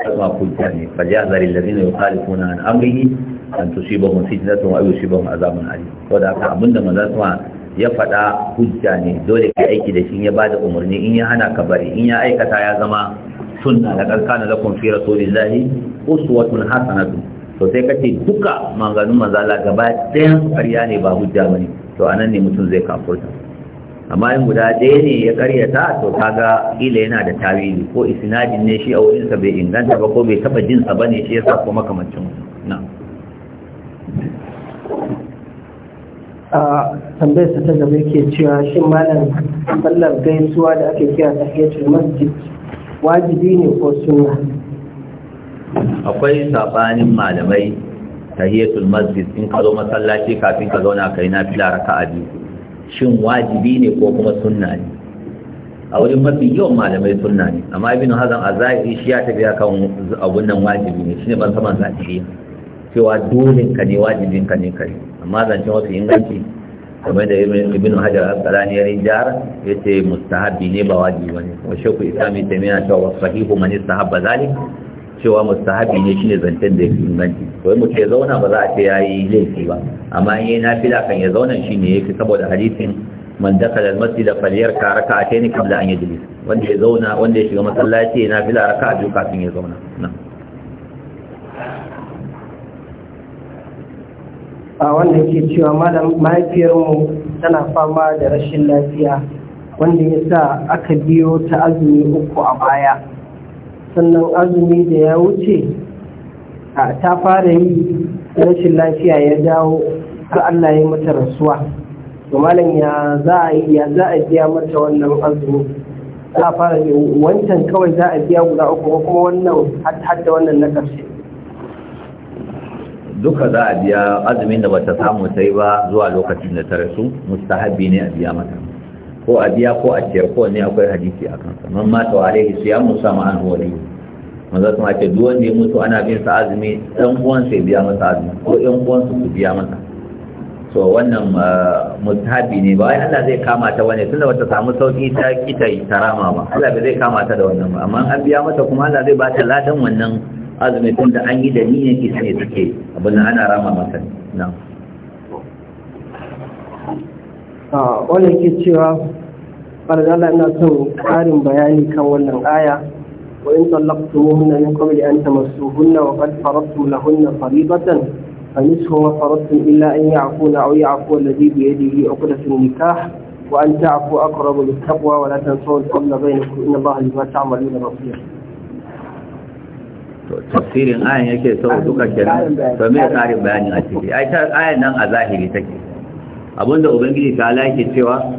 ما قلت يعني فليحذر الذين يخالفون عن امره ان تصيبهم فتنه او يصيبهم عذاب اليم ودا ka abinda manzo sama ya faɗa hujja ne dole ka aiki da shi ya bada umarni in ya hana ka bari in ya aikata ya zama sunna da kun fira fi lillahi uswatun hasanatu to sai kace duka manganun manzala gaba ɗayan ƙarya ne ba hujja bane to anan ne mutum zai kafurta amma in guda ɗaya ne ya ƙaryata to kaga ila yana da tawili ko isinajin ne shi a wurinsa bai inganta ba ko bai taɓa jin ba ne shi yasa ko makamancin na a tambayar ta gaba yake cewa shin malam sallar gaisuwa da ake kira tahiyatul masjid wajibi ne ko sunna akwai sabanin malamai tahiyatul masjid in ka zo masallaci kafin ka zauna kai na fila raka'a biyu shin wajibi ne ko kuma sunna ne a wurin mafi yawan malamai sunna ne amma ibn hazan a zahiri shi ya tafi kan abun nan wajibi ne shine ban saman zahiri cewa dole ka ne wajibin ka ne kai amma zancen wasu inganci kamar da ibn hajar al qalani ya rijar yace mustahabi ne ba wajibi bane wa shaykhu islam ibn taymiyyah cewa sahihu man istahabba zalik cewa mustahabi ne shine zancen da yake inganci wai mu ce zauna ba za a ce yayi laifi ba amma in yayi nafila kan ya zauna shine yake saboda hadisin man dakala almasjid falyarka rak'atayn qabla an yajlis wanda ya zauna wanda ya shiga masallaci yana fila raka'a duk kafin ya zauna a wanda yake cewa malam mahaifiyarmu tana fama da rashin lafiya wanda ya sa aka biyo ta azumi uku a baya sannan azumi da ya wuce a ta fara yi rashin lafiya ya dawo ga Allah ya mata rasuwa to malam ya za a yi ya za a biya mata wannan azumi za a fara wancan kawai za a biya guda uku ko kuma wannan hadda wannan na ƙarshe duka za a biya azumin da bata samu sai ba zuwa lokacin da ta rasu mustahabi ne a biya mata ko a biya ko a ciyar ko ne akwai hadisi a kansa man mata wa alaihi su ya musa ma an wali manzo kuma ce duk wanda ya mutu ana bin sa azumi dan uwan sai biya masa azumi ko ɗan uwan su biya masa so wannan ah, mutabi ne ba wai Allah zai kama ta wani tunda wata samu sauki ta kita tarama ba Allah ba zai kama ta da wannan ba amma an biya mata kuma Allah zai ba ta ladan wannan azumi tunda an yi da niyyar kisa ne take abin ana rama masa nan. wanda ke cewa farzala ina son ƙarin bayani kan wannan aya wa in tallaqtumuhunna min qabli an tamassuhunna wa qad faradtum lahunna fariidatan fa nisfu ma faradtum illa an ya'funa aw ya'fu alladhi bi yadihi 'uqdatun nikah wa an ta'fu aqrabu lit-taqwa wa la tansaw al-fadla bainakum inna Allaha bima ta'maluna basir tafsirin ayan yake sau duka kenan to me ƙarin bayanin a ciki ai ta ayan nan a zahiri take abinda ubangiji ta lake cewa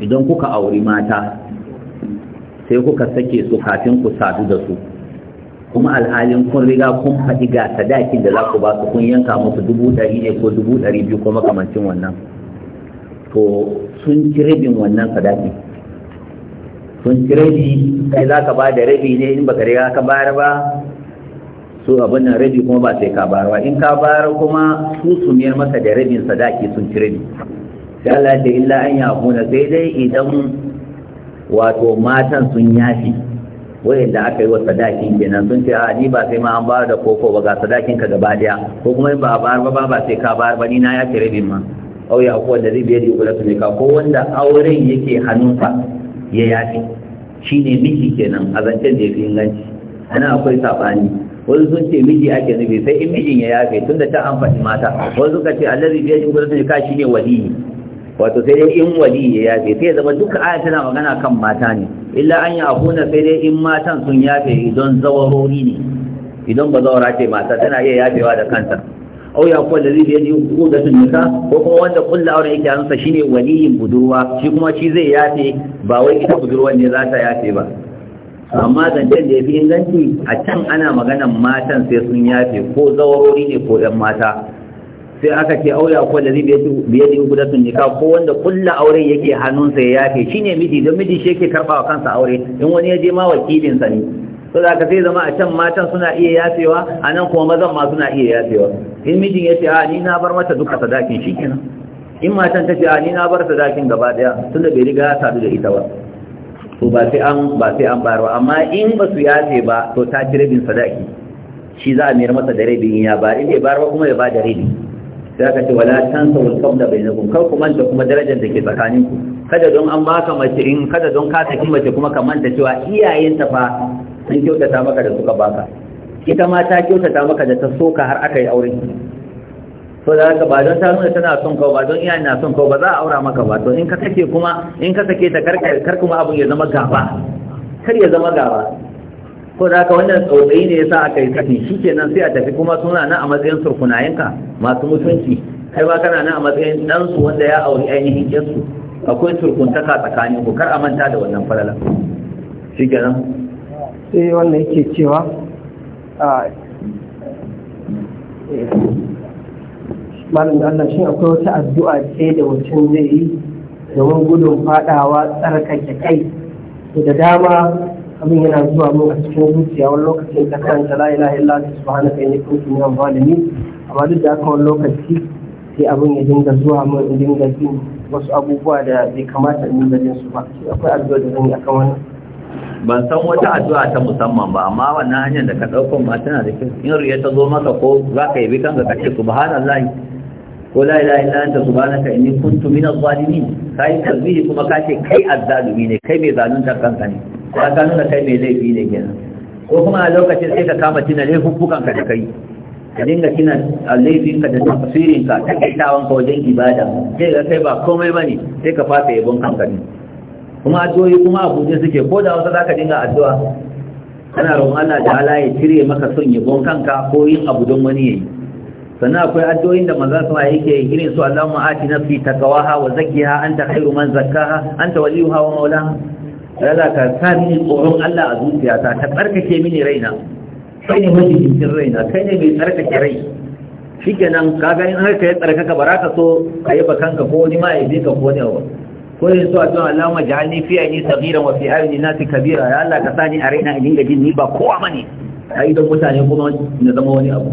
idan kuka auri mata sai kuka sake su kafin ku sadu da su kuma alhalin kun riga kun faɗi ga sadakin da za ku ba su kun yanka musu dubu ɗari ne ko dubu ɗari biyu ko makamancin wannan to sun ci rabin wannan sadaki sun ci rabi kai za ka ba da rabi ne in baka riga ka bayar ba to abin nan rabi kuma ba sai ka bayarwa in ka bayar kuma su su miyar maka da rabin sadaki sun ci rabi sai Allah ta illa an ya kuna sai dai idan wato matan sun yafi wayanda aka yi wa sadakin kenan sun ce a ni ba sai ma an bayar da koko ba ga sadakin ka gaba daya ko kuma in ba bayar ba ba sai ka bayar ba ni na yafi rabin ma au ya kuwa da zai biyar da kula ko wanda auren yake hannunsa ya yafi shine miki kenan a zancen da ya fi inganci ana akwai saɓani wani sun ce miji ake nufi sai in mijin ya yafe tun da ta amfani mata wani suka ce allazi biya shi gudanar da ka shi ne waliyi wato sai dai in wali ya yafe sai zama duka aya tana magana kan mata ne illa an yi abuna sai dai in matan sun yafe idan zawarori ne idan ba zawara ce mata tana iya yafewa da kanta au ya kuwa da zai yi ko da sun nisa ko kuma wanda kulla auren yake hannunsa shine waliyin budurwa shi kuma shi zai yafe ba wai ita budurwan ne za ta yafe ba amma zancen da ya fi inganci a can ana maganan matan sai sun yafe ko zawarori ne ko ‘yan mata sai aka ce aure a kwallo zai biya da sun nika ko wanda kulla auren yake hannunsa ya yafe shi ne miji don miji shi yake karɓa wa kansa aure in wani ya je ma wakilinsa ne so da aka sai zama a can matan suna iya yafewa a nan kuma mazan ma suna iya yafewa in mijin ya ce a ni na bar mata duka sadakin shi kenan in matan ta ce a ni na bar sadakin gaba daya tunda bai riga ya sadu da ita ba to ba sai an ba sai an bayar ba amma in ba su yace ba to ta ci rabin sadaki shi za a mayar masa da rabin ya ba in bai bayar ba kuma ya ba da rabin sai aka ce wala tansa wal qabla bainakum kar ku manta kuma darajar da ke tsakanin ku kada don an baka mace in kada don ka saki mace kuma ka manta cewa iyayenta fa sun kyautata maka da suka baka ita ma ta kyautata maka da ta soka har aka yi aure so da haka ba don ta nuna tana son kawo ba don iyayen na son kawo ba za a aura maka ba to in ka sake kuma in ka sake ta kar kuma abun ya zama gaba kar ya zama gaba ko da haka wannan tsautsayi ne yasa aka yi kafin shi kenan sai a tafi kuma suna nan a matsayin surkunayenka masu mutunci kai ba kana nan a matsayin ɗansu wanda ya auri ainihin yansu akwai surkuntaka tsakanin ku kar a manta da wannan falala shi kenan sai wannan yake cewa a eh, malam da Allah shi akwai wata addu'a ce da mutum zai yi domin gudun fadawa tsarkake kai da dama abin yana zuwa mu a cikin zuciya wani lokacin ta karanta la ilaha illa anta subhanaka inni kuntu minal zalimin amma duk da haka wani lokaci sai abin ya dinga zuwa mu in dinga jin wasu abubuwa da bai kamata in dinga jin su ba akwai addu'a da zan yi akan wannan ban san wata addu'a ta musamman ba amma wannan hanyar da ka ɗaukun ba tana da kyau in riya ta zo maka ko za ka yi bi kanka ka ce subhanallahi ko la ilaha illa anta subhanaka inni kuntu minaz zalimin kai tasbihi kuma ka ce kai azzalimi ne kai mai zalunta kanka ne ka ka nuna kai mai laifi ne kenan ko kuma a lokacin sai ka kama tina laifukan ka da kai ka dinga tina laifin ka da tafsirin ka ta kaitawan ka wajen ibada sai ka kai ba komai bane sai ka fasa yabon kanka ne kuma addu'o'i kuma abu ne suke ko da wata zaka dinga addu'a kana roƙon Allah da halaye cire maka son yabon kanka ko yin abu don wani yayi sannan akwai addu'o'in da manzon sama yake yi irin su Allahumma ati nafsi taqwaha wa zakkiha anta khairu man zakkaha anta waliyuha wa maulaha Allah ka sa mini tsoron Allah a zuciyata ta tsarkake mini raina kai ne majibincin raina kai ne mai tsarkake rai shikenan kaga in har ka yi tsarkaka ba ka so ka yi bakanka ko wani ma'aibi ka ko wani abu ko yin so a cikin Allahumma ja'alni fi ayni saghiran wa fi ayni nasi kabira ya Allah ka sa a raina in dinga jin ni ba kowa bane ai don mutane kuma na zama wani abu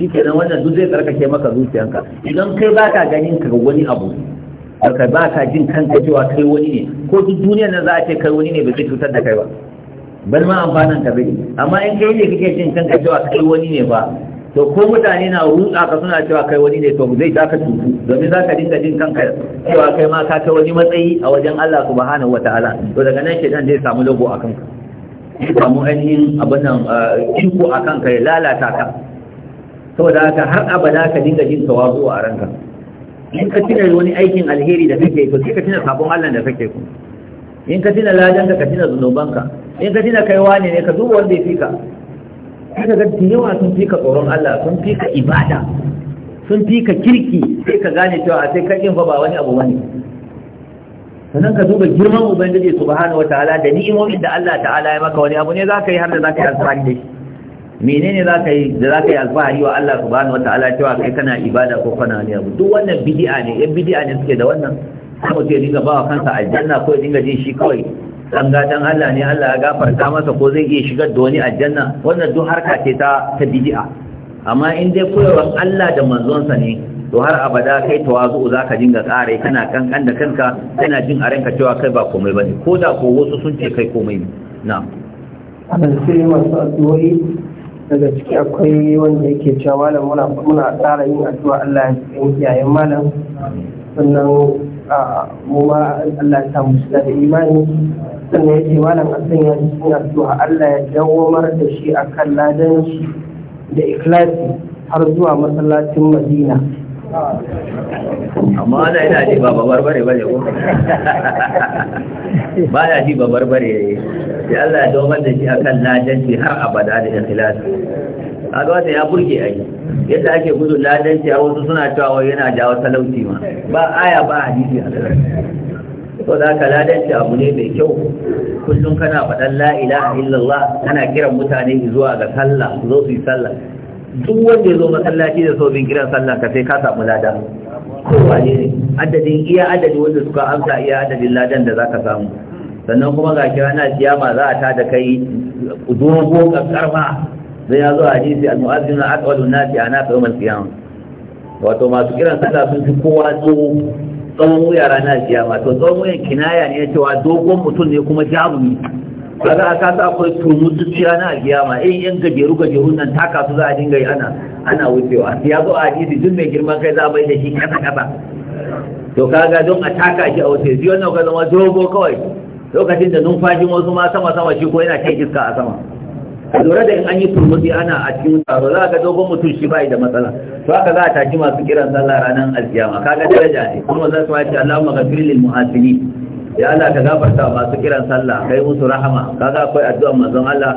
shi kenan wannan duk zai tsarkake maka zuciyanka idan kai ba ka ganin ka wani abu ka ba ka jin kanka cewa kai wani ne ko duk duniya na za a ce kai wani ne ba zai cutar da kai ba bal ma amfanin ka bai amma in kai ne kake jin kanka cewa kai wani ne ba to ko mutane na rutsa ka suna cewa kai wani ne to zai taka cutu domin za ka dinga jin kanka cewa kai ma ka kai wani matsayi a wajen Allah subhanahu wataala to daga nan shedan zai samu logo a kanka samu ainihin abin nan ciko eh, a kanka ya lalata ka saboda haka har abada ka dinga jin tawazu a ranka in ka tuna wani aikin alheri da kake to sai ka tuna sabon Allah da kake kuma in ka tuna ladanka ka tuna zunubanka in ka tuna kaiwa ne ne ka duba wanda ya fika kaga ga yawa sun fika tsoron Allah sun fika ibada sun fika kirki sai ka gane cewa a sai kakin fa ba wani abu bane sannan ka duba girman ubangiji subhanahu wataala da ni'imomin da Allah ta'ala ya maka wani abu ne za ka yi har da za zaka yi alfahari da shi menene za ka yi da za ka yi alfahari wa Allah subhanahu wataala cewa kai kana ibada ko kana wani abu duk wannan bid'a ne yan bid'a ne suke da wannan kuma sai dinga bawa kansa aljanna ko dinga jin shi kawai dan gatan Allah ne Allah ya gafarta masa ko zai iya shigar da wani aljanna wannan duk harka ce ta ta bid'a amma in dai koyarwar Allah da manzonsa ne to har abada kai tawazu za ka dinga tsare kana kankan da kanka kana jin a ranka cewa kai ba komai bane ko da ko wasu sun ce kai komai ne na'am sai wasu addu'o'i daga ciki akwai wanda yake cewa malam muna muna tsara yin addu'a Allah ya tsayin iyayen malam sannan mu ma Allah ya samu da imani sannan yake malam a sanya cikin addu'a Allah ya dawo mar da shi akan ladan shi da ikhlasi har zuwa masallacin Madina amma ana yana ji ba babar bare bane ko ba ya ji babar bare sai Allah ya domar da shi a kan ladanci har abada da a ga wata ya burge a yi. yadda ake gudu ladanci a wasu suna cewa yana jawo talauci ma ba aya ba a hadisi a So da ka ladanci abu ne mai kyau kullum kana faɗan Laila? ilaha illallah kana kiran mutane zuwa ga sallah zo su yi sallah duk wanda ya zo masallaci da sobin kiran sallah ka sai ka samu lada kowa ne adadin iya adadi wanda suka amsa iya adadin ladan da zaka samu sannan kuma ga kira na kiyama za a tada kai dogo karfa zai ya zo hadisi al-mu'azzin na aqwalu nasi ana ta yawm al-qiyam wato masu kiran sallah sun fi kowa tsoho tsawon wuya ranar kiyama to tsawon wuyan kinaya ne cewa dogon mutum ne kuma jarumi kaga a kasa akwai turmutsuttiya na alkiyama in yan gajeru gajerun nan ta kasu za a dinga yi ana ana wucewa ya zo a hadisi duk mai girman kai za a bai da shi kasa kasa to kaga don a taka shi a wuce shi wannan ka zama dogo kawai lokacin da numfashin wasu ma sama sama shi ko yana kai iska a sama lura da in an yi turmutsi ana a cikin tsaro za ga dogon mutum shi bai da matsala to haka za a tashi masu kiran sallah ranar alkiyama kaga daraja ne kuma za su wace Allahumma ghafir lil muhasibin ya Allah ka gafarta masu kiran sallah kai musu rahama kaga akwai addu'a manzon Allah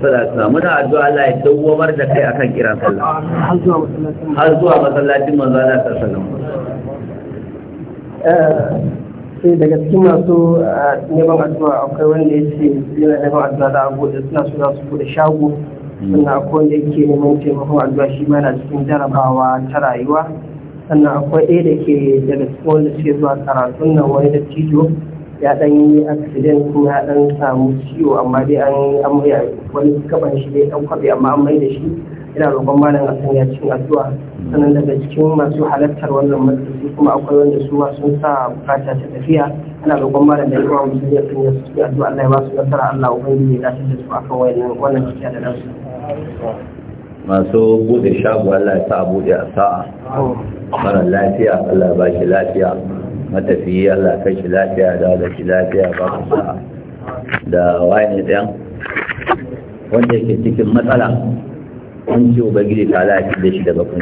sallallahu alaihi muna addu'a Allah ya dawwamar da kai akan kiran sallah har zuwa masallacin manzon Allah sallallahu alaihi wasallam eh, sai daga cikin masu eh, neman addu'a akwai wanda ya ce yana neman addu'a da abu da suna suna su bude shago hmm. sannan akwai wanda yake neman taimakon addu'a shi ma yana cikin jarabawa ta rayuwa sannan akwai ɗaya da ke daga cikin wanda suke zuwa karatun nan wani da cijo ya dan yi accident kuma ya dan samu ciwo amma dai an an mai wani kaban shi dai dan kwabe amma an mai da shi ina roƙon malam a sanya cikin addu'a sannan daga cikin masu halartar wannan majalisi kuma akwai wanda su ma sun sa bukata ta tafiya ina roƙon malam da yawa musu ya sanya su cikin addu'a Allah ya ba su nasara Allah ubangiji ya dace da su akan wannan wannan tafiya da nasu masu bude shago Allah ya sa bude a sa'a mara lafiya Allah ya ba shi lafiya matafiyi Allah kai shi lafiya da da shi lafiya ba ku sa'a da wani ɗayan, wanda yake cikin matsala an ce ubangiji ta lafi da shi daga kun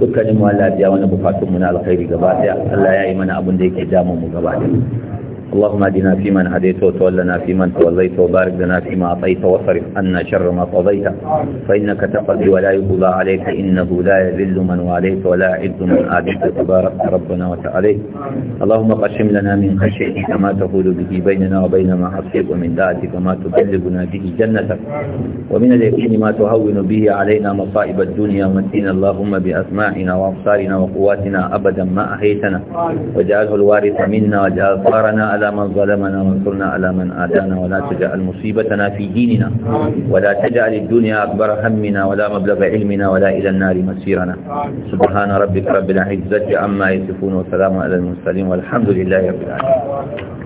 dukkanin mu Allah biya wani bukatun na alkhairi gaba daya Allah ya yi mana abin da yake damun mu gaba daya اللهم اهدنا فيمن هديت وتولنا فيمن توليت وبارك لنا فيما أعطيت وصرف عنا شر ما قضيت فإنك تقضي ولا يقضى عليك إنه لا يذل من واليت ولا يعز من عاديت تبارك ربنا وتعالى اللهم قسم لنا من خشيتك ما تقول به بيننا وبين ما حصيك ومن دعتك ما تبلغنا به جنتك ومن اليقين ما تهون به علينا مصائب الدنيا ومتنا اللهم بأسماعنا وأبصارنا وقواتنا أبدا ما أحيتنا وجعله الوارث منا وجعل صارنا على من ظلمنا وانصرنا على من آدانا ولا تجعل مصيبتنا في ديننا ولا تجعل الدنيا أكبر همنا ولا مبلغ علمنا ولا إلى النار مسيرنا سبحان ربك رب العزة عما يصفون وسلام على المرسلين والحمد لله رب العالمين